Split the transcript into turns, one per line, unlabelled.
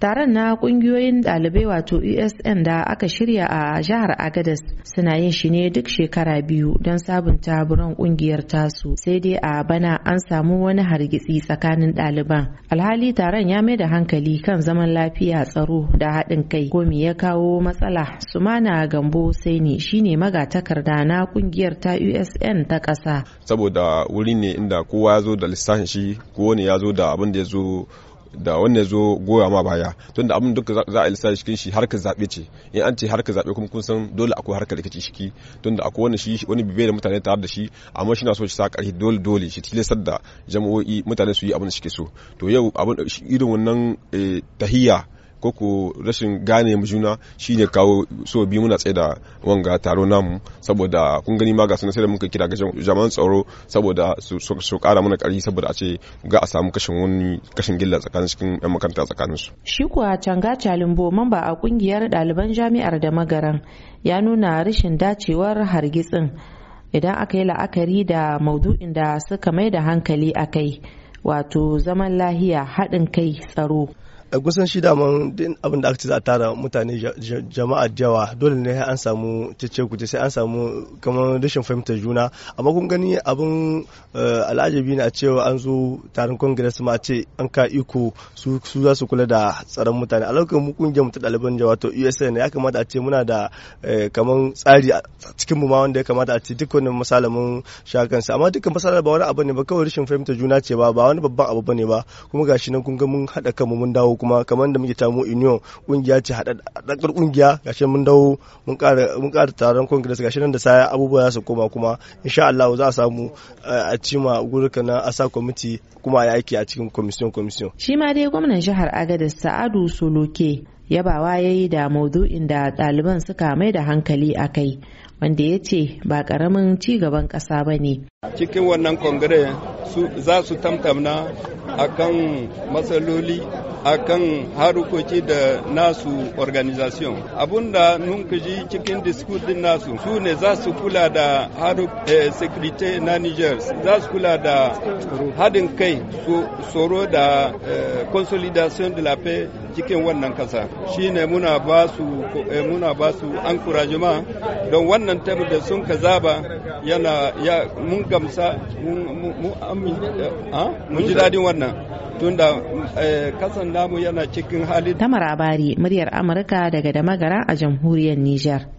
taron na kungiyoyin dalibai wato esn da aka shirya a jihar agadas suna yin shi ne duk shekara biyu don sabunta buran kungiyar tasu sai dai a bana an samu wani hargitsi tsakanin ɗaliban alhali taron ya mai da hankali kan zaman lafiya tsaro da haɗin kai gomi ya kawo matsala sumana gambo sai ne shine magatakarda na kungiyar ta usn e ta ƙasa
saboda wuri ne inda kowa ya zo da lissafin shi kowane ya zo da abin da ya zo da wannan zo goya ma baya tunda da abin duka za a yi lissafi cikin shi harkar zaɓe ce in an ce harkar zaɓe kuma kun san dole akwai harkar rikici shiki tunda da akwai wani shi wani bibe da mutane tare da shi amma shi na so shi sa ƙarfi dole dole shi tilastar da jama'o'i mutane su yi abin da suke so to yau abin irin wannan eh, tahiyya ko ku rashin gane mu juna shine kawo so biyu muna tsaye da wanga taro namu saboda kun gani ma ga sunan sai da muka kira ga jaman tsaro saboda su kara mana kari saboda a ce ga a samu kashin wani kashin gilla tsakanin cikin yan makaranta tsakanin su
shi kuwa canga calimbo mamba a kungiyar ɗaliban jami'ar da magaran ya nuna rashin dacewar hargitsin idan aka yi la'akari da maudu'in da suka mai da hankali a kai wato zaman lahiya haɗin kai tsaro Eh, kusan shi
daman abin da aka ce za a tara mutane jama'a jawa dole ne an samu cece kuce sai an samu kamar rashin fahimtar juna amma kun gani abin eh, al'ajabi ne a cewa an zo taron congress ma a ce an ka iko su za su kula da tsaron mutane a lokacin mu kungiyar mu ta ɗaliban jawa to usa ne ya kamata a ce muna da eh, kamar tsari a cikin mu ma wanda ya kamata a ce duk wani masalamin sa amma dukkan masalar ba wani abu ne ba kawai rashin fahimtar juna ce ba ba wani babban abu ba ne ba kuma gashi nan kun ga mun haɗa kanmu mun dawo kuma kamar da muke tamu union kungiya ce da kungiya gashi mun dawo mun ƙara taron congress gashi nan da saya abubuwa su koma kuma insha Allah za a samu eh, a cima gurka na asa kwamiti kuma a aiki a cikin commission commission
shi ma dai gwamnan jihar agada Sa'adu Soloke yabawa ya yi da maudu'in da ɗaliban suka mai da hankali a kai wanda ya ce ba ƙaramin ci gaban ƙasa ba ne
cikin wannan kongire za su tamtamna akan matsaloli akan harukoki da nasu organization abunda mun cikin discours din nasu su ne za su kula da eh, security na niger za su kula da hadin kai su tsoro da eh, consolidation de la paix cikin wannan kasa shine muna ba su eh, muna ba su encouragement don wannan tabi da sun ka zaba yana ya mun gamsa ah, mun ji daɗin wannan tunda eh, kasan namu yana cikin hali. Tamar
bari muryar Amurka daga Damagara a jamhuriyar niger.